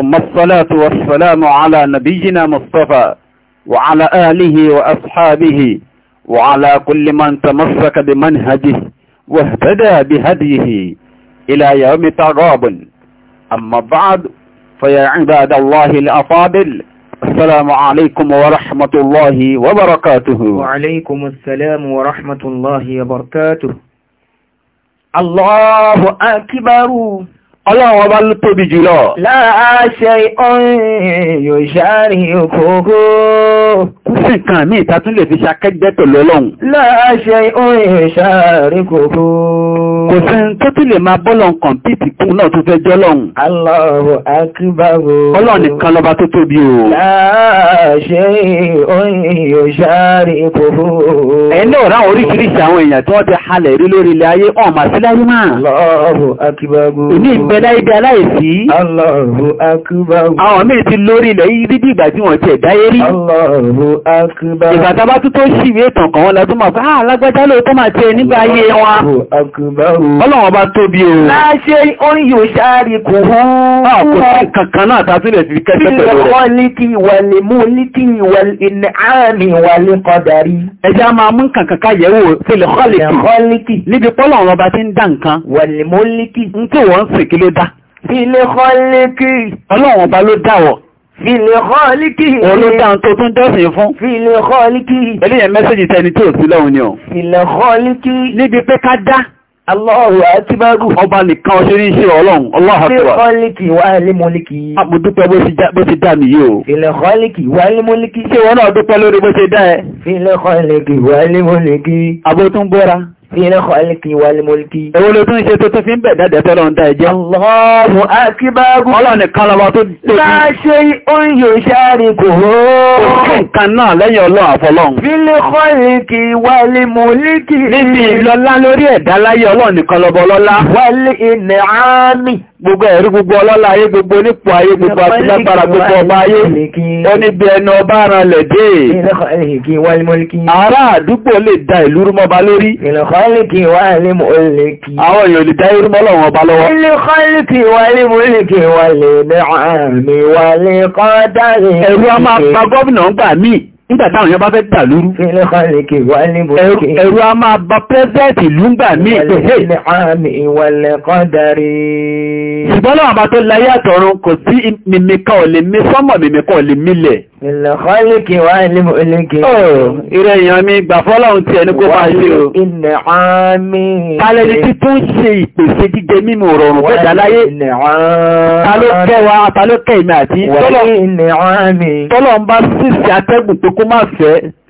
ثم الصلاة والسلام على نبينا مصطفى وعلى آله وأصحابه وعلى كل من تمسك بمنهجه واهتدى بهديه إلى يوم تغاب أما بعد فيا عباد الله الأفاضل السلام عليكم ورحمة الله وبركاته وعليكم السلام ورحمة الله وبركاته الله أكبر Ọlọ́run ọba ló tóbi jùlọ. Láàṣẹ ọ̀rìn yóò ṣàrí òkòókò. Kú sí nǹkan mí ìtàtún lè fi ṣakẹ́gbẹ́ pẹ̀lú Ọlọ́run. Láàṣẹ ọ̀rìn yóò ṣàrí òkòókò. Kò sí tó tún lè máa bọ́lọ̀ kọ̀m̀pìtì fún náà tó fẹ́ jọ́lọ́run. Allahu akbar. Ọlọ́run nìkan lọ́ba tó tóbi o. Láàṣẹ ọ̀rìn yóò ṣàrí òkòókò. Ẹ̀yin náà ráwọn oríṣiríṣi àwọn èèyàn tí wọ́n ti halẹ̀ rí lórí ilẹ̀ bẹ láyé bí aláìsí. Allahu akbar. Àwọn míì ti lórí ilẹ̀ yìí dídí ìgbà tí wọ́n ti ẹ̀ dáyé rí. Allahu tó ṣì ìwé ìtàn kan wọn la máa fẹ́, "Ah, lágbájá lóòótọ́ máa tiẹ̀ nígbà ayé wọn." Allahu akbar. Ọlọ́run ọba tóbi o. Láṣẹ orin yóò ṣáàrì kò hú. Kò sí kankan náà tá a tún lè fi kẹ́kẹ́ pẹ̀lú rẹ̀. Wàlíkì wàlí mú líkì wàlí àmì wàlí kọ̀dàrí. Ẹ jẹ́ a máa ló dá. Fìlè kọ́lékì. Ọlọ́run ọba ló dáwọ̀. Fìlè kọ́lékì. Òun ló dáhùn tó tún dọ́sìn fún. Fìlè kọ́lékì. Eléyẹ̀ mẹ́sẹ̀jì tẹni tí ò sí lọ́hùn ni o. Fìlè kọ́lékì. Níbi pé ká dá. Allahu Akbaru. Ọba nìkan ṣe ní ṣe ọlọ́run, Allahu Akbar. Fìlè kọ́lékì wà lé mọ́líkì. A mo dúpẹ́ bó ṣe dá mi yìí o. Fìlè kọ́lékì wà lé mọ́líkì. Ṣé wọn náà dúpẹ́ lórí bó ṣe dá fínà kọlìkì wà ní mọ́lìkì. Èwo ló tún ṣe tó tún fi ń bẹ̀dẹ̀ dẹ̀tẹ́ lọ ń dá ẹjẹ́. Allahu akíbágún. Ọlọ́ni kan lọ́wọ́ tó dé. Bá ṣe oúnjẹ ṣáàrí kò hó. Òkè kan náà lẹ́yìn ọlọ́run àfọlọ́run. Fínà kọlìkì wà ní mọ́lìkì. Níbi ìlọlá lórí ẹ̀dá láyé ọlọ́run lọ́bọ̀ lọ́lá. Wálé ìnẹ̀ ámì gbogbo ẹ̀rí gbogbo ọlọ́lá ayé gbogbo onípò ayé gbogbo àtìlágbára gbogbo ọba ayé ó níbi ẹnu ọba aran lẹ̀ dé ará àdúgbò lè da ìlú rúmọba lórí àwọn èèyàn lè dá irúmọ lọ́wọ́ ọba lọ́wọ́ ẹ̀rú a máa pa gómìnà ń gbà míì nígbà táwọn èèyàn bá fẹ́ dà lúrú ẹ̀rù a máa bá pẹ́sẹ̀tì lúngbà ní ìpẹ̀lẹ̀ ṣùgbọ́n láwọn bá tó láyé àtọ̀run kò sí mímíkà ò sọ́mọ̀ mímíkà ò Ìlẹ̀kọ́lìkì wá ilé ológe. Ó, ìrẹ èèyàn mi gbà fọ́lọ́run ti ẹni kó máa ṣe o. Ilẹ̀ àmì. Tálẹ́ni tí tó ń ṣe ìpèsè jíjẹ mímu rọrùn fẹ́dà láyé.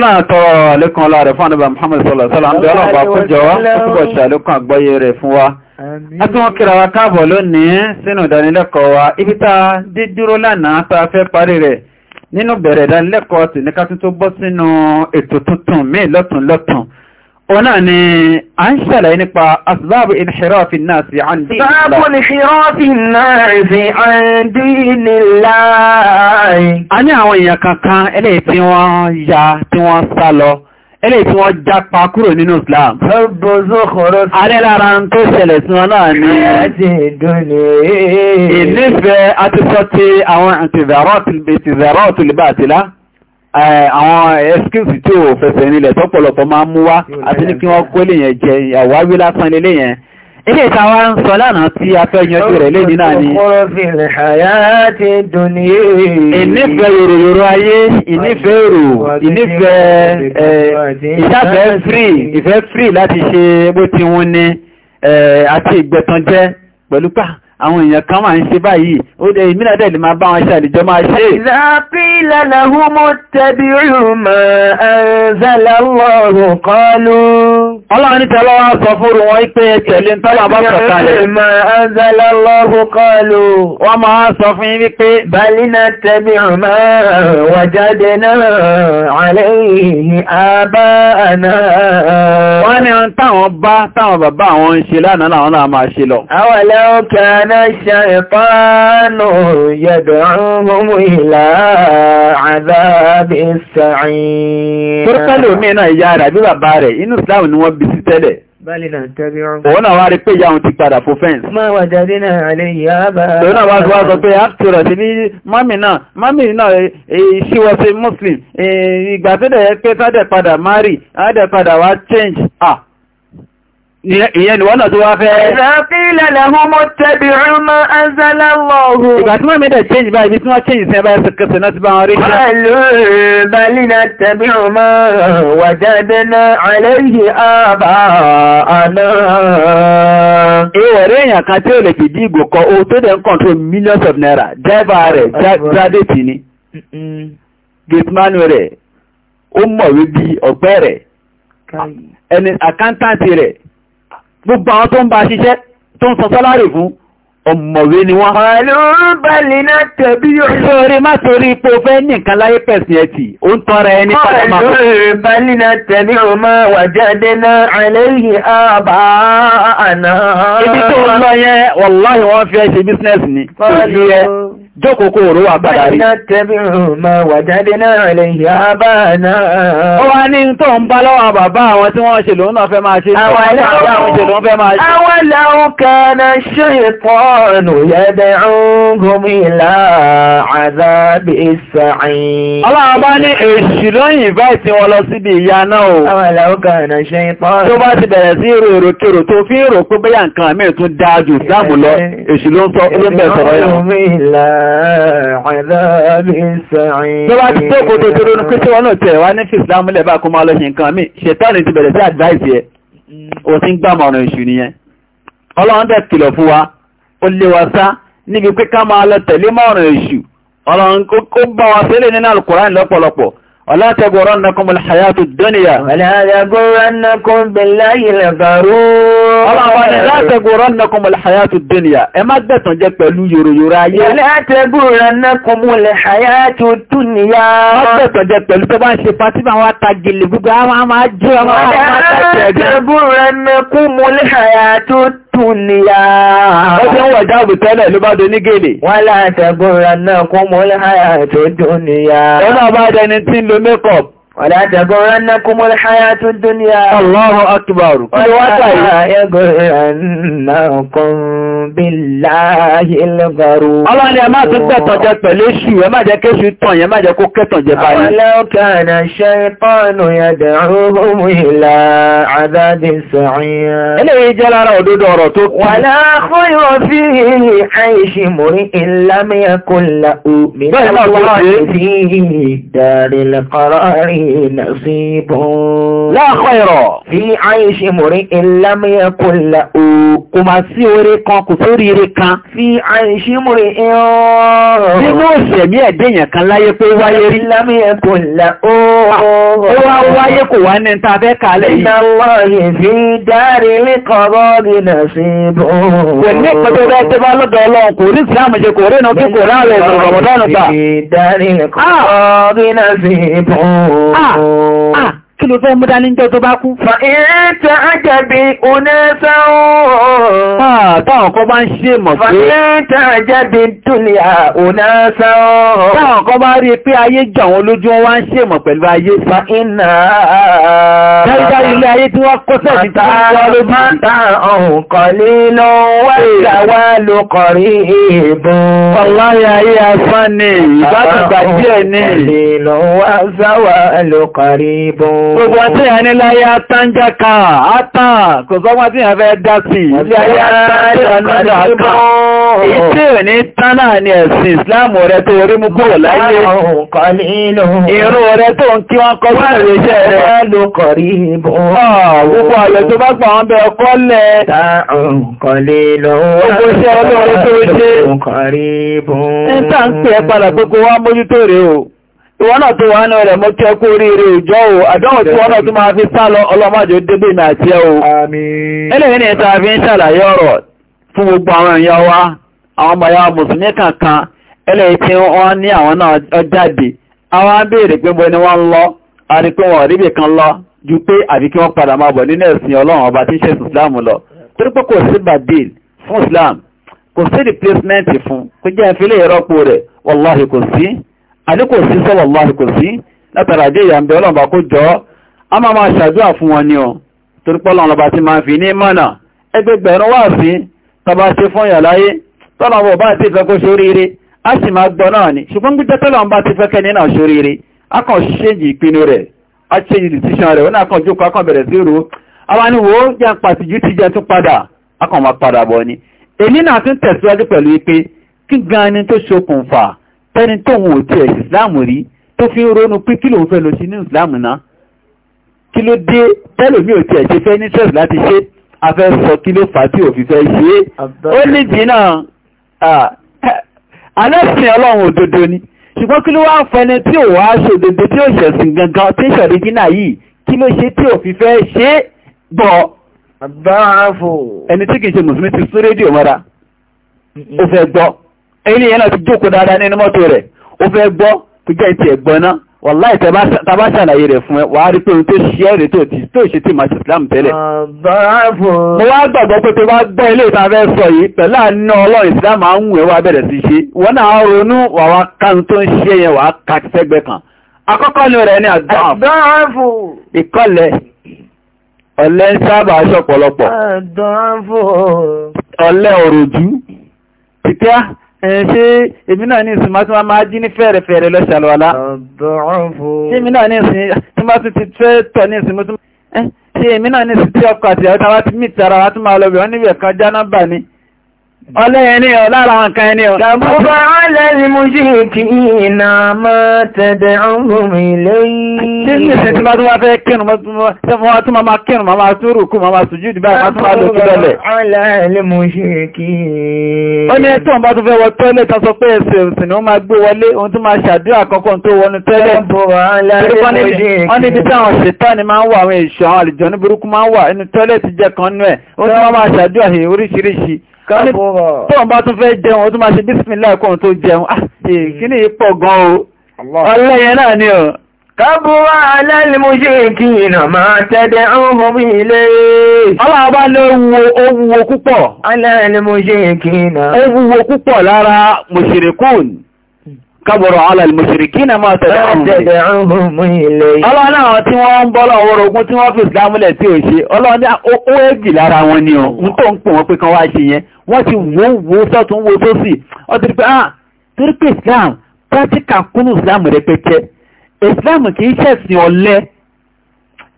náà tọrọ àlékún ọlá rẹ̀ fún ànábì Muhammad sallallahu alaihi wasallam ń bẹ ọlọ́pàá kó jọ wá púpọ̀ ṣàlékún àgbọ́yé rẹ̀ fún wa a tún wọ́n kíra wa káàbọ̀ lónìí sínú ìdánilẹ́kọ̀ọ́ wa ibi tá dídúró lánàá tá a fẹ́ parí ọ̀nà ni a ń ṣàlàyé nípa asbábù inhirafi náà sí an dínilá. asbábù inhirafi náà sí an dínilá. a ní àwọn èèyàn kankan eléyìí tí wọ́n ya tí wọ́n sá lọ eléyìí tí wọ́n jápa kúrò nínú Islam. alẹ́ lára àwọn excuse tí ò fẹsẹ̀ nílẹ̀ tọ́pọ̀lọpọ̀ máa mú wá àti ní kí wọ́n kó lè yẹn jẹ àwáwí lásán lélé yẹn ilé ìtawà ń sọ lánàá tí a fẹ́ yanjú rẹ̀ lè nínà ni ìnífẹ́ yòròyòrò ayé ìnífẹ́ èrò ìnífẹ́ ìṣàfẹ́ free ìfẹ́ free láti ṣe bó ti wọ́n ní àti ìgbẹ̀tànjẹ́ pẹ̀lú pàá àwọn èèyàn kan máa ń ṣe báyìí ó dẹ̀ ìmìnà dẹ̀ lè máa bá wọn ṣe àlìjọ máa ṣe. ìzàpílà làwọn mọ́ tẹ̀bí rùmọ̀ ẹ̀ẹ́zẹ̀lẹ́wọ̀rùn kan ló. ọlọ́run ní tẹ́lọ́ wá sọ fóru wọn pé tẹ̀lé tọ́lá bá kọ̀ kalẹ̀. ẹ̀ẹ́zẹ̀lẹ́wọ̀rùn kan ló. wọ́n máa sọ fún yín wípé. balina tẹ̀bí rùmọ̀ wàjáde náà àlẹ́ bá táwọn bàbá àwọn ń ṣe lánàá láwọn náà máa ṣe lọ. Àwọ̀lẹ́ òkè náà ṣe ìpánù yẹ̀dọ̀ ọmọ ìlà àdábì sàárín. Òun náà wá rí pé ìyáhun ti padà fò fẹ́ǹsì. Máa wà jáde náà alẹ́ ìyá bá. Òun náà wá sọ wá sọ pé Ápùtùrọ̀ sí ní mọ́mì náà, mọ́mì náà she was e, Ìgbà tó dẹ̀ pé tádẹ̀ ìyẹn ni wọ́n náà tó wá fẹ́ ẹ̀rẹ́kílẹ̀ tí wọ́n mẹ́dẹ̀ change báyìí tí wọ́n change sẹ́bá ẹsẹ̀kẹsẹ̀ náà ti bá kan ó tó dẹ̀ ń control millions of naira dẹ́bà rẹ̀ jáde-tì ni gate man rẹ̀ ó mọ̀wé bí ọ̀pẹ́ rẹ̀ ẹni àkántàntì rẹ̀ gbogbo àwọn tó ń bá ṣiṣẹ́ tó ń sọ sálárì fún ọmọ̀wé ni wọ́n. ọ̀lú bẹ́ẹ̀lì náà tẹ̀bí yóò. sórí má torí ipò fẹ́ nìkan láyé pẹ̀sìn ẹ̀ tì ó ń tọrọ ẹni padà máa. ọ̀lú bẹ́ẹ̀lì náà tẹ̀bí yóò máa wà jáde náà àlẹ́yìn àbá àná. tó ń lọ yẹn wàláhì wọ́n fi ẹ ṣe bísínẹ́sì ni. ọ̀lú jókòókò òru wà padà rí. bẹ́ẹ̀lì náà tẹ̀bí yóò máa wà jáde náà àlẹ́yìn àbá àná. ó wá ní tó ń bá lọ́wọ́ bàbá àwọn tí wọ́n ṣe lòun náà fẹ́ máa ṣe. àwọn ẹlẹ́wọ̀n kan náà ṣe ìpọ́n الشيطان يدعوهم إلى عذاب السعير Ọlọ́run bá ní èṣù ló ń invite wọn lọ síbi ìyà náà o. Àwọn ìlàókà ọ̀nà ṣe ń tọ́. Tó bá ti bẹ̀rẹ̀ sí ìrò èrò kèrò tó fi ń rò pé bẹ́yà nǹkan àmì ìtún dáa jù sáàmù lọ, èṣù ló ń sọ ló ń bẹ̀ sọ̀rọ̀ yà. Tó bá ti tó kò tó tó ronú pé advice yẹ, o mm. ti ń gbàmọ̀ràn èṣù nìyẹn. Ọlọ́run dẹ̀ kìlọ̀ fún wa ó lé wa sá níbi pé ká máa lọ tẹ̀lé mọ́rùn èṣù ọlọ́run kó bá wa sílẹ̀ nínú alukùránì lọ́pọ̀lọpọ̀ ولا تغرنكم الحياة الدنيا ولا يغرنكم بالله الغرور ولا تغرنكم الحياة الدنيا ẹ má dẹ̀tàn jẹ pẹ̀lú yòròyòrò ayé ولا تغرنكم الحياة الدنيا má dẹ̀tàn jẹ pẹ̀lú tó bá ń ṣe pàtí àwọn atagilè gbogbo àwọn àmà jẹ́ dúnìyà. Ó ti ń wọ̀ jáàbù tẹ́lẹ̀ ló bá do gèlè. Wọ́n láàtẹ̀gùn ra náà kún mọ́ láyà tó dúnìyà. Ẹ náà bá tí ń lo makeup. ولا تغرنكم الحياة الدنيا الله أكبر ولا تغرنكم بالله الغرور الله يا ما تصدق تجد بلشي ما جاك شيطان يا ما جاك كتن جبال ولو كان الشيطان يدعوهم إلى عذاب سعير إلي جل رود دور ولا خير فيه لحيش إن لم يكن لأؤمن فيه دار القرار نصيب لا خير في عيش إن لم يكن لأؤمن كما سيوري kò kan. fi àìṣímúre ẹ̀rọ. nínú ìṣẹ̀mí ẹ̀dẹ́yàn kan láyé pé wáyé rí. lámì ẹ̀kọ́ là ó. ó wá wáyé kò wá ní ta fẹ́ kalẹ̀ yìí. ìdáwọ́ yìí fi dárí lẹ́kọ̀ọ́ gínà sí bò. kò ní pẹ̀lú bẹ́ẹ̀ tí bá lọ́dọ̀ ọlọ́run kò rí ìsìlámù ṣe kò rínà kí kò ráàrẹ̀ ìṣòro rọ̀mọ̀dọ́nù gbà. fi dárí lẹ́kọ̀ọ́ gínà ah! sí bò. Ah! Ah! kí ló fẹ́ mú dání jọ tó bá kú. Fà ìrìntà àjàbí onẹ́sà ooo. Táwọn kan bá ń ṣe mọ̀ pé. Fà ìrìntà àjàbí dúnìyà onẹ́sà ooo. Táwọn kan bá rí pé ayé jọ àwọn olójú wọn wá ń ṣe mọ̀ pẹ̀lú ayé. Fà iná. Dájúdájú ilé ayé tí wọ́n kó sẹ́ẹ̀dì tí wọ́n wá lójú. Màtá ọ̀hún kan nínú wá ìgbà wá ló kọ̀rí ìbò. Ọláyé ayé afán ni ìbátàgbà díẹ̀ ni. Ìlú wa sáwà ló kọ̀rí ìbò. Gbogbo ọtí yẹn ní láyé atánjáka, átà, kò sọ́gbọ́n tí yẹn fẹ́ dá sí. Ilé ayé atánjáka, átà. Ìtí ò ní tán náà ni ẹ̀sìn Ìsìláàmù rẹ tó rí mú kúrò láyé. Ìrún rẹ tó ń kí wọ́n kọ́ sí ìrìnṣẹ́ rẹ. Gbogbo àlọ́ tó bá gbà wọ́n bẹ ọkọ́ lẹ̀. Gbogbo iṣẹ́ ọlọ́run tó ṣe. Níta ń pè é padà gbogbo wa mójútó rèé o. ìwọ́n náà tó wà ní ọ̀rẹ̀ mọ́ kí ẹkú oríire ìjọ o àdánwò tí wọ́n náà tó máa fi sá lọ ọlọ́màjò débè ní àti ẹ o ẹlẹ́yìn ní ìta fi ń ṣàlàyé ọ̀rọ̀ fún gbogbo àwọn èèyàn wa àwọn ọmọ ya mùsùlùmí kankan ẹlẹ́yìn tí wọ́n ní àwọn náà jáde ju ọba lọ badil fún islam fún àdíkò sí sọ́lọ̀lọ́ àdíkò sí látara dé ìyàmbẹ̀ ọlọ́mbà kó jọ a máa máa ṣàdúrà fún wọn ni ọ torípọ́lọ́ ọlọ́bà ti máa fi ní mọ́nà ẹgbẹgbẹ̀rún wà sí tọba ṣe fún ìyàláyé tọ́lọ̀bọ̀ bá ti fẹ́ kó ṣoríire a sì máa gbọ́ náà ni ṣùgbọ́n gbígbẹ́ tọ́lọ̀mbà ti fẹ́ kẹ́ni náà ṣoríire a kàn ṣéjì ìpinnu rẹ̀ a ṣéjì decision rẹ̀ kí gan ni tó ṣokùnfà tẹ́ni tóun ò tiẹ̀ sí islam rí tó fi ń ronú pé kí lòun fẹ́ lọ sí ní islam náà kí ló dé tẹ́lòmí ò tiẹ̀ ṣe fẹ́ ní stress láti ṣe afẹ́ sọ kí ló fà á tí òfin fẹ́ ṣe é ó ní jìnnà alẹ́sìn ọlọ́run òdodo ni ṣùgbọ́n kí ló wá fẹni tí ò wá ṣòdodo tí ò ṣẹ̀sìn gangan tí ìṣẹ̀rí jìnnà yìí kí ló ṣe tí òfin fẹ́ ṣe é bọ̀ ẹni tí kì í ṣe mùsùlùmí ti sún rédíò mọ́ra ó fẹ́ gbọ́ ẹni yẹn náà ti jókòó dáadáa nínú mọ́tò rẹ̀ ó fẹ́ gbọ́ kó jẹ́ ti ẹ̀gbọ́n náà wàláì tàbá ṣàlàyé rẹ̀ fún ẹ wà á rí pé ohun tó ṣe ẹ̀rẹ̀ tó ṣe tí màṣí islam tẹ́lẹ̀. mo wá gbàgbọ́ pé tó bá gbọ́ ilé ìta fẹ́ sọ yìí pẹ̀lú àánú ọlọ́run islam á ń wù wá bẹ̀rẹ̀ sí ṣe wọ́n náà ronú wà wá kan tó ń ṣe yẹn wà á ka sẹ́gbẹ́ kan. àkọ́kọ́ ni rẹ̀ ní àdáàfù ìkọlẹ̀ ọ̀lẹ ń sábà aṣọ pọ̀lọpọ̀ ọ̀lẹ òròjú títẹ́ ṣe èmi náà ní ìsinmi tí wọ́n máa jí ní fẹ́ẹ̀rẹ̀fẹ́ẹ̀rẹ̀ lọ ṣàlọ́lá ṣe èmi náà ní ìsinmi tí wọ́n ti fẹ́ tọ̀ ní ìsinmi tí ṣe èmi wọ́n ti mìtara wọ́n ti máa lọ bẹ̀ wọ́n níbẹ̀ kan já nọ́mbà ni ọlẹ́yẹn ní ọ lára nǹkan ẹni ọ. Ṣàbúbá alẹ́ni mú sí ìtì ìnà máa tẹ̀dẹ̀ ọmọ ilé yìí. Tí ní ìsìn tí máa tó wá fẹ́ kírun, máa tún máa kírun, máa tún rùkú, máa sùjú dìbà, máa tún máa lò sí bẹ̀lẹ̀. Alẹ́ni mú sí ìkí. Ó ní ẹ̀tọ́ bá tún fẹ́ wọ tọ́lẹ̀ tó sọ pé ẹ̀sẹ̀ òsìn ni ó máa gbé wọlé, ohun tó máa ṣàdúrà àkọ́kọ́ tó wọnú tẹ́lẹ̀. Wọ́n ní ibi táwọn ṣètọ́ni máa ń wà àwọn èṣù àwọn tọ́n bá tún fẹ́ jẹun ọdún máa ṣe bísmìlá kan tó jẹun àti ah, hmm. kíní pọ̀ gan o ọlẹ́yẹn náà ni ọ̀ kábúwá ìnà máa ọmọ bí ilé ọlọ́ọ̀bá ló wo púpọ̀ ìnà owuwo púpọ̀ lára kábọ̀rọ̀ na máa tẹ̀lé ọmọ ilẹ̀ ọlọ́nà àwọn tí wọ́n ń bọ́lọ̀ ọwọ́rọ̀ ogun tí wọ́n fi ìsìlámúlẹ̀ tí ò ṣe ọlọ́nà ó ẹgbì wọn ni ọ̀ ń tó ń wọ́n ti wò wò sọ́tún wò sósì ọdún pé ah torí pé islam pàtíkà kúnnù islam rẹpẹtẹ islam kì í ṣẹ̀sìn ọ̀lẹ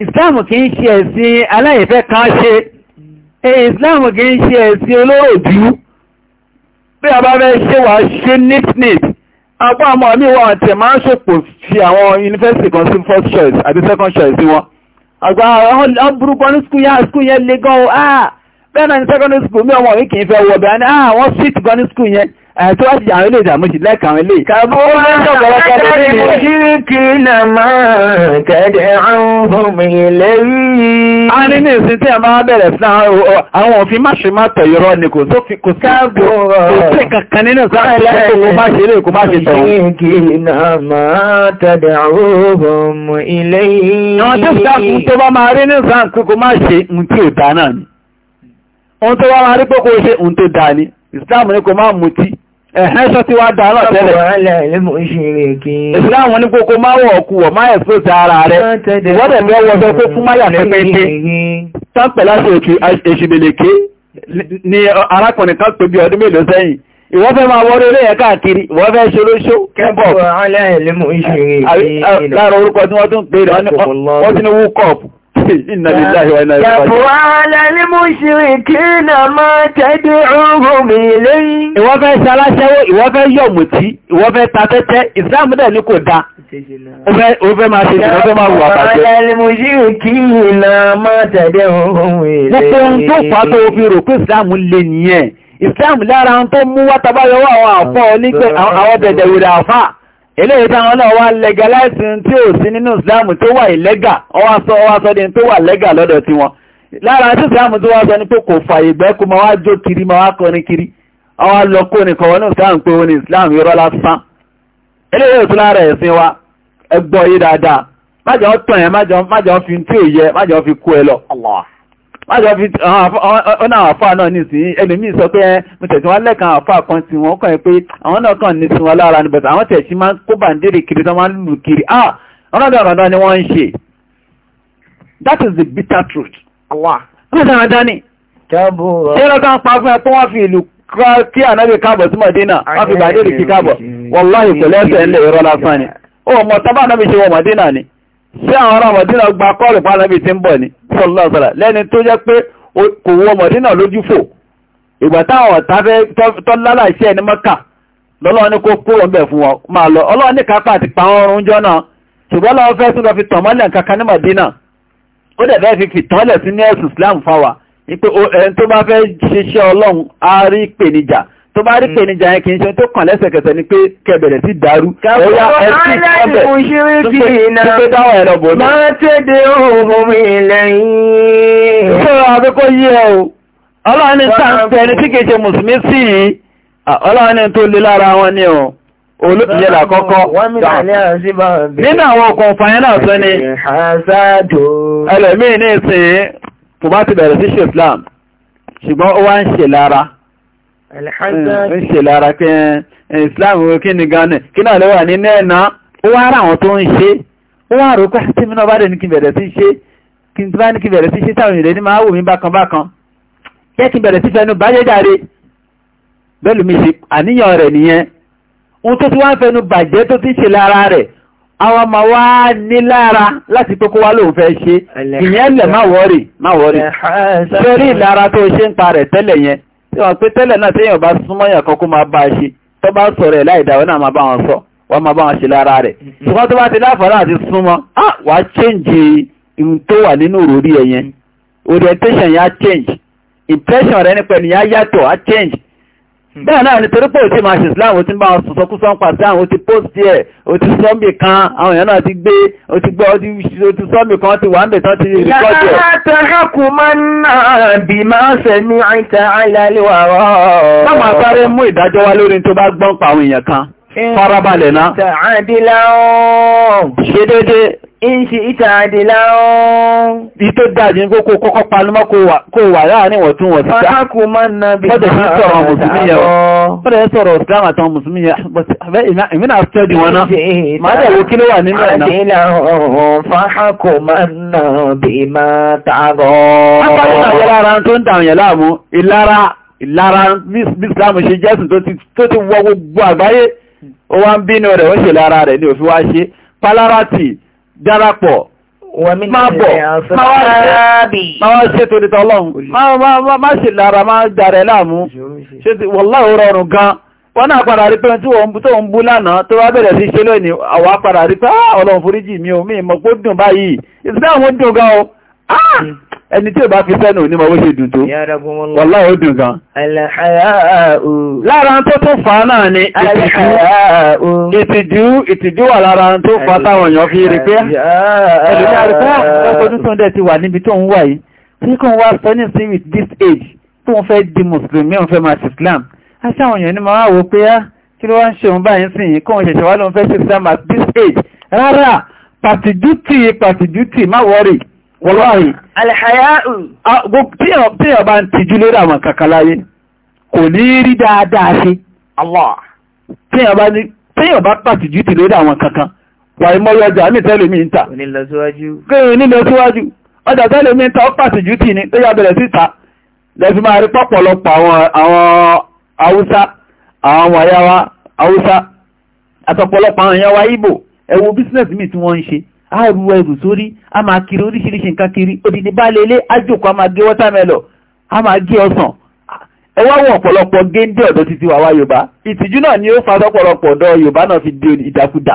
islam kì í ṣe ẹ̀sìn aláìfẹ́ kan ṣe islam kì í ṣe ẹ̀sìn olóròjú bí a bá fẹ́ ṣe wà ṣe nítnít apá àmọ́ mi wọ́n àti ẹ̀ máa ń ṣòpò sí àwọn yunifásitì kan sí first choice àti second choice wọn àgbà àwọn burúkọ ní skul yẹn lè gan o ah bẹ́ẹ̀ náà ní secondary school ah, mi ọmọ yìí kì ah, í fẹ́ wọ̀ bẹ́ẹ̀ ni àwọn street gan ní school yẹn àti wá sí àwọn ilé ìdàmú sí lẹ́ẹ̀kà àwọn ilé ìkàbọ̀ a ní ní ìsìn tí a máa bẹ̀rẹ̀ sí ah, àwọn òfin máṣe máa tẹ̀yọrọ ni kò tó fi kò sí kankan nínú sáàkì kò máa ṣe lè kò máa ṣe tẹ̀wọ̀n ohun tó wá máa rí pọ́kọ́ ṣe ohun tó dáa ni islam ní kò máa mutí ẹ̀hẹ́ ṣọ́ ti wá dáa náà tẹ́lẹ̀ islam ní kòkó máa wọ̀ ọkù wọ̀ máa ẹ̀fọ́ ti ara rẹ̀ wọ́dẹ̀ ní ọwọ́ sọ pé fún máyà pẹ́pẹ́pẹ́ tán pẹ̀lá sí òkè èṣìbèlèké ni arákùnrin kan pè bí ọdún mélòó sẹ́yìn ìwọ́n fẹ́ máa wọ́n eré káàkiri ìwọ́n fẹ́ ṣolóṣó kẹ́bọ̀ inna lillahi wa inna ilaihi raji'un. yàtọ̀ alẹ́ mú ṣírí kí nà máa tẹ́dí ọrùn mi lẹ́yìn. ìwọ fẹ́ ṣaláṣẹ́wó ìwọ fẹ́ yọ̀mùtí ìwọ fẹ́ ta tẹ́tẹ́ ìsìláàmù dẹ̀ ní da ó fẹ́ máa ṣe ìṣẹ́ fẹ́ máa wù àbájẹ́. yàtọ̀ alẹ́ mú ṣírí kí nà máa tẹ́dí ọrùn mi lẹ́yìn. tó fà tó fi rò pé ìsìláàmù le nìyẹn ìsìláàmù lára ohun tó mú wá àwọn àfọ́ onígbẹ̀ àwọn bẹ̀dẹ̀ wèrè àfáà eléyìí táwọn náà wá legalizing tí ò sí nínú islamu tó wà ìlẹ́gà ọwá sọ ọwá sọ ní tó wà lẹ́gà lọ́dọ̀ tí wọn lára tí islamu tó wá sọ ní pé kò fàyè gbẹ́kú ma wá jó kiri ma wá kọrin kiri ọwá lọ kó nìkan wọn náà sáà ń pé wọn ní islam irọ́ lásán eléyìí tó lára ẹ̀sìn wa ẹgbọ́ yìí dáadáa májọ tàn ẹ́ májọ fi tí ò yẹ májọ fi kú ẹ lọ Allah májọ ọ̀nà àfà náà nìsín ẹlòmíì sọ pé eh, mo tẹ̀sí wọn lẹ́ẹ̀kan àfà kan tí wọ́n kàn pé àwọn náà kàn ní sinwọ́n lára ní bọ̀tà àwọn tẹ̀sí máa ń kó bàǹdèrè kiri tó máa ń lù kiri ah ọ̀nàdà ọ̀nàdà ni wọ́n ń ṣe that is the bitter truth. ọ̀nàdà ọ̀nàdà ni ṣé lọ́kàn pa fún ẹ pé wọ́n fi ìlú kí ànábì káàbọ̀ sí Mọ̀dínà wọ́n fi bàǹdèrè kí káàbọ̀ wọ́n láì pẹ̀lẹ́sẹ̀ ńlẹ̀ ìrọ́lásán ni ó mọ̀ tábà ànábì ṣe wọ Mọ̀dínà ni ṣé àwọn ará mọ̀dínà gba kọ́ọ̀lù pánàbí ti ń bọ̀ ní sọ́lọ́sọ́lá lẹ́ni tó jẹ́ pé kò wọ mọ̀dínà lójú fò ìgbà táwọn ọ̀tá fẹ́ tọ́lálàṣẹ́ ẹni mọ́kà lọ́lọ́ ní kó kúrò ńbẹ̀ fún wọn máa lọ ọlọ́ọ̀ ní kápá àti pa wọn rúnjọ́ náà ṣùgbọ́n lọ́wọ́ fẹ́ tún lọ fi tọ̀mọ́lẹ̀ kankan ní mọ̀dínà ó dẹ̀ fẹ́ fi fìtọ́lẹ̀ sí ní ẹ̀sùn Islam fáwa ní pé ẹni tó bá fẹ́ ṣiṣẹ́ Ọlọ́run á rí ìpèníjà tó bá rí hmm. pé níjà yẹn kì í ṣe tó kàn lẹ́sẹ̀kẹsẹ̀ ni pé kẹbẹ̀rẹ̀ sí dàrú ẹ̀yà ẹ̀sìn ọbẹ̀ tó pé dáwọ̀ ẹ̀rọ ní. máa sí yìí ọlọ́run nínú àwọn okùnfà yẹn náà sọ ni ẹlẹ́mìí ní ìsìn kò bá ti bẹ̀rẹ̀ sí ṣe Islam ṣùgbọ́n ó wá ń ṣe lára Hmm, ń ṣe lára kí islam kí ni gan kí náà ló wà ẹ̀nà ó wá rà àwọn tó ń ṣe ó wá rò pé ah, tí mi náà dẹ̀ ní kí bẹ̀rẹ̀ sí ṣe kí tí bá ní kí bẹ̀rẹ̀ sí ṣe táwọn ìrẹ́ máa wò mí bákan bákan jẹ́ kí bẹ̀rẹ̀ sí fẹnu bá jẹ́járe àníyàn rẹ̀ nìyẹn ohun tó wá fẹnu bàjẹ́ tó ti ṣe lára rẹ̀ àwọn ọmọ wa ní lára láti pé wá lóun fẹ́ ṣe ìyẹn lẹ̀ má wọ́rì má wọ́rì ṣorí ìlara tó ṣe ń pa rẹ̀ tẹ́lẹ̀ yẹn tí wọ́n pé tẹ́lẹ̀ náà téèyàn bá súnmọ́ yàn kan kó máa bá a ṣe tó bá sọ̀rọ̀ ẹ̀ láì dáwọ́ náà máa bá wọn sọ wọ́n máa bá wọn ṣe lára rẹ̀ mm-hmm. ṣùgbọ́n tó bá ti láǹfààní àti súnmọ́ á wàá change ohun tó wà nínú òrórí ẹ̀ yẹn mm-hmm. orientation yẹn á change impression rẹ̀ nípa ẹ̀nìyàn yàtọ̀ á change Hmm. bẹ́ẹ̀ náà ni torí pé ò tí máa ṣe islam ó ti bá wọn sọ̀sọ́ kú sọ́npa sí àwọn ti post ẹ̀ ó ti sọ́mbì kan àwọn èèyàn náà ti gbé ó ti gbé ó ti sọ́mbì kan ti wà ń bẹ̀ ti rìkọ́dì ìṣe ìta àdìlá ọ́n. Ìtò dájú ní kókó kọ́kọ́ palúmọ́ kó wà láàrin wọ̀tún wọ̀tún. Fàákù máa ń nàbí. Mọ́dẹ̀ sí sọ̀rọ̀ mùsùlùmí yẹn. Mọ́dẹ̀ sọ̀rọ̀ ìsìlámù àtàwọn mùsùlùmí yẹn. Èmi náà sọ́dí wọn náà. Màá dẹ̀ wo kí ló wà nínú ẹ̀ náà. Àdìlá ọ̀hún fàákù máa ń nàbí ṣe jẹ́sùn tó ti wọ gbogbo àgbáyé. Ó wá ń bínú rẹ̀ ó ṣe lára rẹ̀ ní òfin wá ṣe. Pálára tì darapọ̀ máa bọ̀ máa ṣe torí tọ́lọ́run máa ṣe lára máa dàrẹ láàmú wallahi rọrùn gan wọ́n náà padà rí pé tí wọ́n tó ń bú lánàá tó wá bẹ̀rẹ̀ sí ṣe lónìí àwa padà rí pé ah, ọlọ́run foríjì mi ò mí mọ̀ pé dùn báyìí ẹni tí ò bá fi sẹ́nu ní mọ̀wé ṣe dùn tó wọ́lá ó dùn gan. lára tó tún fa náà ni ìtìjú ìtìjú wà lára tó fa táwọn èèyàn fi rí pé ẹlòmí àrífẹ́ ah, ọkọ̀dún tó ń dẹ̀ ti wà níbi tó ń wà yìí tí kò wá sọ sí with this age tó ń fẹ́ di mùsùlùmí òun fẹ́ máa ṣe Islam àti àwọn èèyàn ní máa wò pé ah, kí ló wá ń ṣe òun báyìí sìn yìí Islam at this age rárá pàtìjútì pàtìjútì má wọ́rì wọ́láàrí alìhàyáù ah, tí ọ̀ bá ń tijú lórí àwọn kankan láyé kò ní rí dáadáa sí tí ọ̀ bá pàtìjú ti lórí àwọn kankan wà ìmọ̀rí ọjà ní tẹ́lẹ̀ mi ń tà kí ní lọ síwájú ọjà tẹ́lẹ̀ mi ń tà ó pàtìjú tì ní tó yá bẹ̀rẹ̀ síta lẹ́fi máa rí pọ̀pọ̀lọpọ̀ àwọn haúsá àwọn wàyáwá haúsá àtọ̀pọ̀lọpọ̀ àwọn bísínẹ̀sì mi tí wọ́n ń ṣe a ru ẹrù sórí a máa kiri oríṣiríṣi nǹkan kiri òdìdí bá lélé ájòkó a máa gé wọ́tàmẹ́lọ̀ a máa gé ọsàn ẹ wá wọn ọ̀pọ̀lọpọ̀ géńdé ọ̀dọ́ títí wàwá yorùbá ìtìjú náà ni ó fa ọ̀pọ̀lọpọ̀ ọ̀dọ́ yorùbá náà fi di ìdàkudà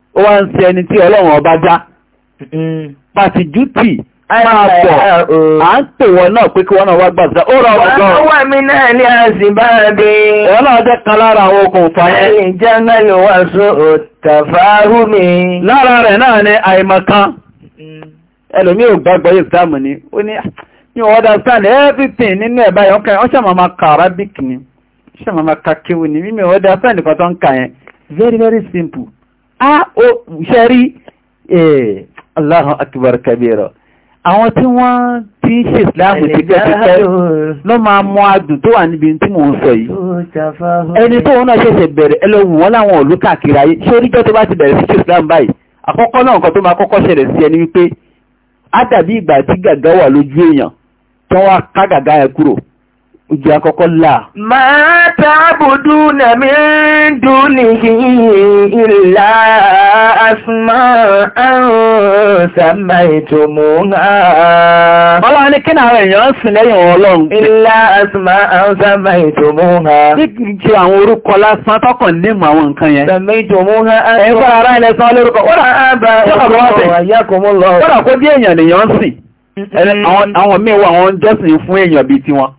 ó wá ń ṣe ẹni tí ọlọ́run ọba já pàtìjú mm-hmm. tì máa bọ̀ à ń pè wọn náà pé kí wọ́n náà wá gbàdúrà ó rọrùn gan wọ́n wà mí náà ní àzìbáàbí. ẹ̀rọ náà jẹ́ kan lára àwọn okùnfà yẹn. ẹ̀yìn jẹ́ mẹ́lò wá sún òtàfàárù mi. lára rẹ̀ náà ni àìmọ̀kan mm-hmm. ẹlòmíì ò gbàgbọ́ yóò ni ó ní you understand everything nínú ẹ̀bá yẹn ọkàn máa ka Arabic ni ọ̀ṣà máa ka kéwù ni mímí ọ̀dà sáà ń yẹn very very simple. á ó ṣẹ́rí Allahu akbar kabira àwọn tí wọ́n ti ń ṣe ìsìláàmù ti gẹ́gẹ́ ló máa mọ adùn tó wà níbi tí mò ń sọ yìí ẹni tó wọn náà ṣẹ̀ṣẹ̀ bẹ̀rẹ̀ ẹlọ́wù wọn láwọn òlú káàkiri ayé ṣé oríjọ́ tó bá ti bẹ̀rẹ̀ sí ṣe ìsìláàmù báyìí àkọ́kọ́ náà nǹkan tó máa kọ́kọ́ ṣẹlẹ̀ sí ẹni wípé á dàbí ìgbà tí gàgá wà lójú èèyàn tó wá ká gàgá yẹn kúrò ojú akọ́kọ́ là. máa tààbùdú nàmí dúnì ìlà asùnmọ́ àrùn sàmà ètò mò ń hà. ọlọ́run ní kí náà èèyàn sìn lẹ́yìn ọlọ́run. ìlà asùnmọ́ àrùn sàmà ètò mò ń hà. ní kì í ṣe àwọn orúkọ lásán tọkàn nímọ̀ àwọn nǹkan yẹn. sàmà ètò mò ń hà. ẹ̀fọ́ ara ilẹ̀ san lórúkọ. wọ́n rà á bá ọkọ̀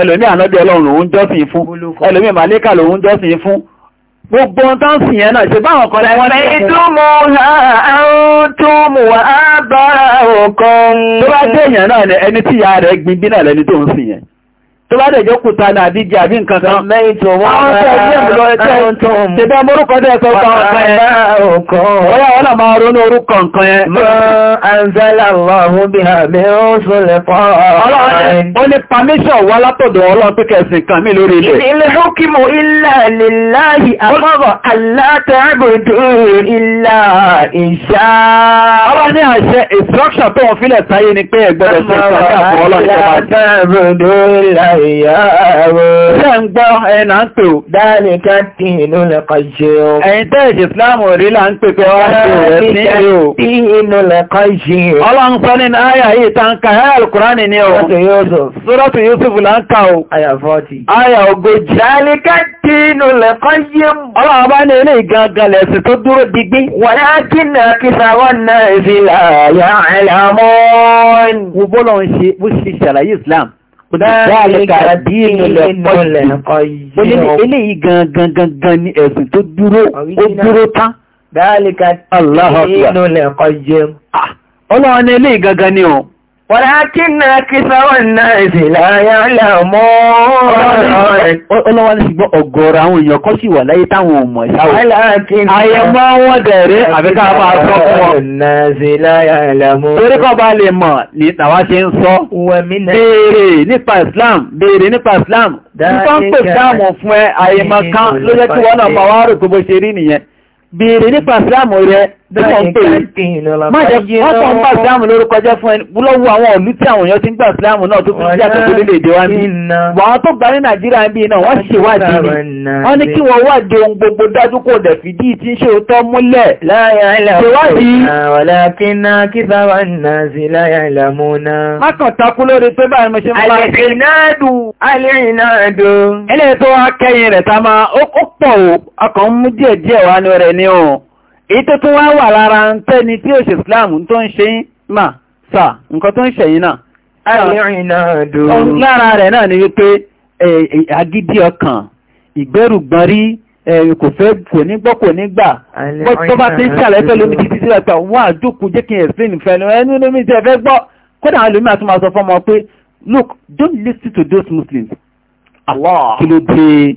ẹlòmí ànábí ọlọ́run lòun jọ́sìn fún ẹlòmí màlíkà lòun jọ́sìn fún gbogbo tán sì yẹn náà ṣe báwọn kọ́lá ẹwọ́n náà ìtumù àtúmù àbára òkan tó bá jẹ́ èèyàn ẹni tí ìyá rẹ̀ gbin bí náà tó ń sìn yẹn tó bá dẹ̀ jẹ́ kùta ní àbíjì àbí nǹkan kan mẹ́rin tó wọ́n tẹ́bẹ́ mọ́rúkọ dẹ́ sọ ọ̀yàwọ́nà máa ronú orúkọ nǹkan yẹn anzalallahu biha min sultan ó ní pàmíṣọ̀ wá látọ̀dọ̀ Ọlọ́run pé kẹsìn kan mí lórí ìyá rẹ̀. Ṣé ń gbọ́ ẹ̀nà ń pè ó? Dáàlì ká tí inú lẹ́kọ̀ ṣe o. Ẹ̀yin tẹ́ ìṣẹ́ Ìsìláàmù rí ń pè pé wá sí rẹ̀ sí inú lẹ́kọ̀ ṣe o. Ọlọ́run sọ nínú àyà yìí tá Yusuf là ń ka o. Àyà fọ́tì. Àyà ogójì. Dáàlì ká tí inú lẹ́kọ̀ ṣe o. Ọlọ́run bá ní ilé ìgangan ń ṣe bó ṣe ṣàlàyé Ìsìláàmù. Dáàlẹ́kà dínú lẹ́kọ́ yìí. Eléyìí gangan gangan ni tó dúró, ó dúró tán. Dáàlẹ́kà dínú lẹ́kọ́ yìí. Ọlọ́run eléyìí gangan ni o. Wàlákínà kìsàwọn náà ìsìlá yàlá mọ́ ọlọ́wà ní ṣùgbọ́n ọ̀gọ̀rọ̀ àwọn èèyàn kọ́ sí wà láyé táwọn ọmọ ìsáwò. Àyẹ̀mọ́ wọ́n dẹ̀rẹ́ àbíká máa sọ fún ọ. Torí kọ́ bá lè mọ̀ ní tàwa ṣe ń sọ. Béèrè nípa Islam, béèrè nípa Islam. Nípa ń pè sáàmù fún ẹ àyẹ̀mọ̀ kan ló jẹ́ kí wọ́n náà máa wá rò gbogbo ṣe rí nìyẹn. Béèrè Ọ̀tọ̀ bá ìsìláàmù lórúkọ jẹ́ fún ẹni lọ́wọ́ àwọn ìlú tí àwọn èèyàn ti ń gbà ìsìláàmù náà tó fi ń yàtọ̀ tó lè dé wá ní. Wọ́n tó gbà ní Nàìjíríà ń bí náà wọ́n ṣèwádìí ni. Wọ́n ní kí wọ́n wádìí ohun gbogbo dájú kò dẹ̀ fìdí tí ń ṣe òótọ́ múlẹ̀. Ṣèwádìí. Wàlákínà kí èyí tó tún wá wà lára ń tẹ́ni tí ó ṣe Islam tó ń ṣe mà sà nǹkan tó ń ṣẹ̀yìn náà lára rẹ̀ náà ni wípé agidi ọkàn ìgbẹ́rùgbọ́n rí kò fẹ́ kò ní gbọ́ kò ní gbà tó bá ti ń ṣàlẹ́ fẹ́ lómi títí sí ẹ̀pẹ̀ wọ́n àjókù jẹ́ kí n explain lọ ẹni lómi tí ẹ gbọ́ kódà àwọn lómi àtúmọ̀ sọ fọ́mọ pé look don't listen to those Muslims Allah kí ló dé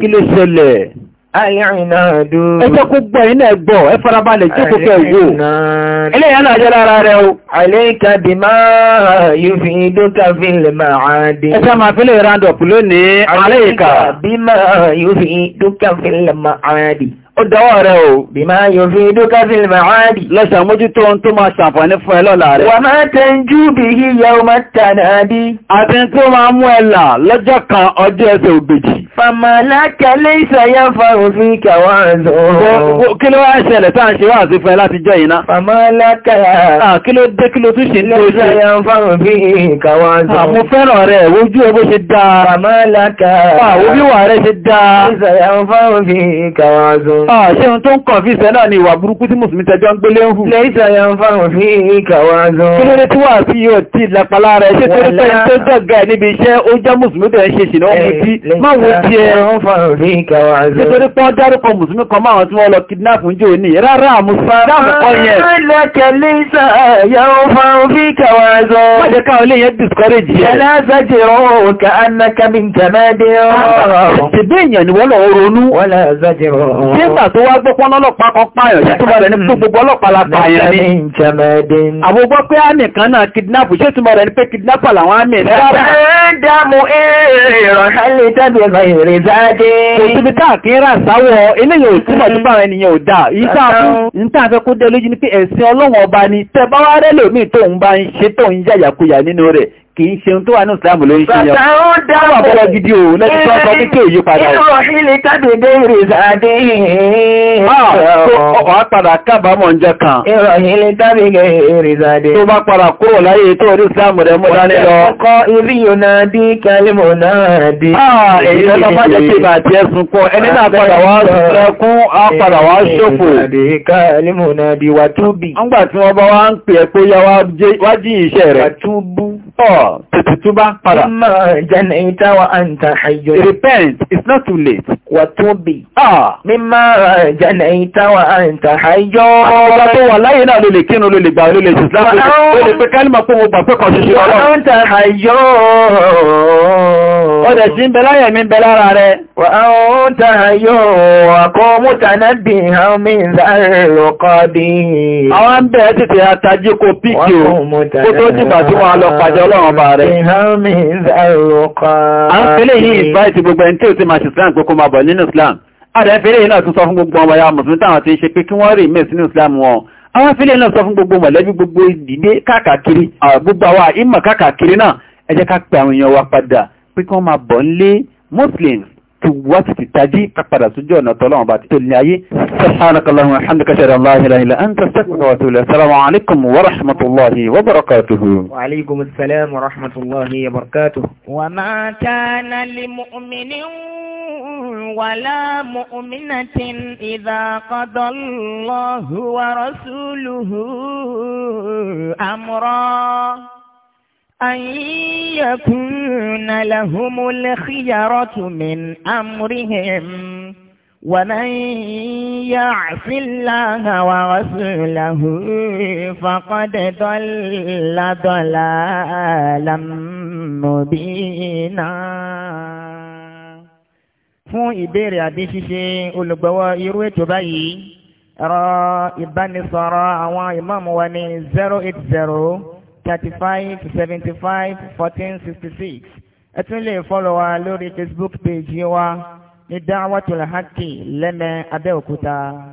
kí ló ṣẹlẹ̀ Àyàrìnàdó. Ẹ jẹ́ kó gbọ́ iná ẹgbọ́, ẹ farabalẹ̀ jẹ́ kó fẹ́ wò. Eléyà náà jẹ́ lára rẹ̀ o. Àlékà bí máa yóò fi dókà fi lè máa dé. Ẹ sá máa fi lè round up lónìí. Àlékà bí máa yóò fi dókà fi lè máa dé ó dọwọ́ rẹ̀ o. bí máa yóò fi dúkà sí ìmọ̀háàdì. lọ́sẹ̀ àmójútó ohun tó máa ṣàǹfààní fún ẹ lọ́la rẹ̀. wà máa tẹ ń jú bí yíyẹ ọmọ tànàdí. àti tó máa mú ẹ là lọ́jọ́ kan ọjọ́ ẹsẹ̀ ògbèjì. fàmàlà kẹlẹ́ ìṣẹ̀yẹ fọrùn fi kẹwàá ẹ̀sọ́. kí ló wá ṣẹlẹ̀ tá ń ṣe wá àti fún láti jọ yìí ná. fàmàlà kẹlẹ́ kí ló dé kí ló tún fẹ́ràn rẹ̀ ojú ẹ ṣe dáa. fàmàlà kẹlẹ́. àwọn òbí wà rẹ̀ ṣe dáa. Ah, ah, ṣe ohun tó ń kàn fi ìṣẹ́ náà ni ìwà burúkú tí mùsùlùmí tẹjọ́ ń gbélé ń hù. lẹ́yìn àyà ń fáwọn fi ìkàwà zan. kí ló dé tí wà sí yóò tí ìlàpá lára ẹ torí pé tó dọ̀gá ẹ níbi iṣẹ́ ó jẹ́ mùsùlùmí tó ń ṣe ṣìnà ó eh, tí má wo ti ẹ. nítorí pé wọ́n dárúkọ mùsùlùmí lọ kidnap nígbà tó wá gbọ́ pọ́n ọlọ́pàá kan pààyàn ṣe túnmọ̀ rẹ̀ ní pé gbogbo ọlọ́pàá la pààyàn ni àwògbọ́ pé á nìkan náà kidnap ṣe túnmọ̀ rẹ̀ ní pé kidnap làwọn àmì ìdámú èrò hálì kì í ṣeun tó wà ní ìsìlámù ló ṣe yọ. bàtà ó gidi o lẹ́tí tó sọ pé kí òye padà o. inú ilé tàbídé ìrìsàdé. Ah, ọ̀ á kábàámọ̀ ń jẹ kan. inú ilé tàbídé ìrìsàdé. tó bá padà kúrò láyé tó orí ìsìlámù rẹ̀ mú dání lọ. ọkọ irí yóná dí kálímù náà dí. Ah, èyí ló kí ìgbà tí pọ̀ ẹni náà padà wá sẹ́kún tètè túbá padà. Mọ̀ jẹ́ ní àǹtà àjò. Repent, it's not too late wàtúnbì ah, mímọ́ ìjẹ̀nà eh, ìtawà àìntà àìjọ́ ọba tó wà láyé náà ló lè kínú ló lè gbà ló lè jùsùlá ó lè pé kálìmọ̀ pé mo gbà pé kan ṣoṣo ọlọ́run àìntà àìjọ́ ọdẹ̀ sí ń bẹ láyé mi ń bẹ lára rẹ̀ wàáúntà àìjọ́ àkọ́mútànábì àmì ìzàrẹ̀lọ́kọ́dí àwọn ń bẹ̀ẹ́ tètè àtají kò píkì ó kó tó dìgbà tí pẹ̀lú nínú Islam àdẹ́fẹ́lẹ́ náà tún sọ fún gbogbo ọmọ ya mùsùlùmí táwọn ti ń ṣe pé kí wọ́n rí mẹ́sì nínú Islam wọn àwọn fílẹ̀ náà sọ fún gbogbo mọ̀lẹ́bí gbogbo ìdílé káàkiri gbogbo àwa ìmọ̀ káàkiri náà ẹ jẹ́ ká pe àwọn èèyàn wa padà pé kí wọ́n máa bọ̀ ń lé Muslims سبحانك اللهم الحمد ان لا إله إلا أنت استكبر وتولى السلام عليكم ورحمة الله وبركاته وعليكم السلام ورحمة الله وبركاته وما كان لمؤمن ولا مؤمنة إذا قضى الله ورسوله أمراً أن يكون لهم الخيرة من أمرهم ومن يعص الله ورسوله فقد ضل ضلالا مبينا fún ìbéèrè àbí ṣíṣe olùgbọ́wọ́ irú ètò báyìí ẹ̀rọ ìbánisọ̀rọ̀ àwọn ìmáàmù wa ní zero eight zero thirty five seventy five fourteen sixty six ẹ tún lè fọ́lọ̀ wa lórí Facebook page wa ní Da'watul Haqqi lẹ́mẹ̀ẹ́ Abẹ́òkúta.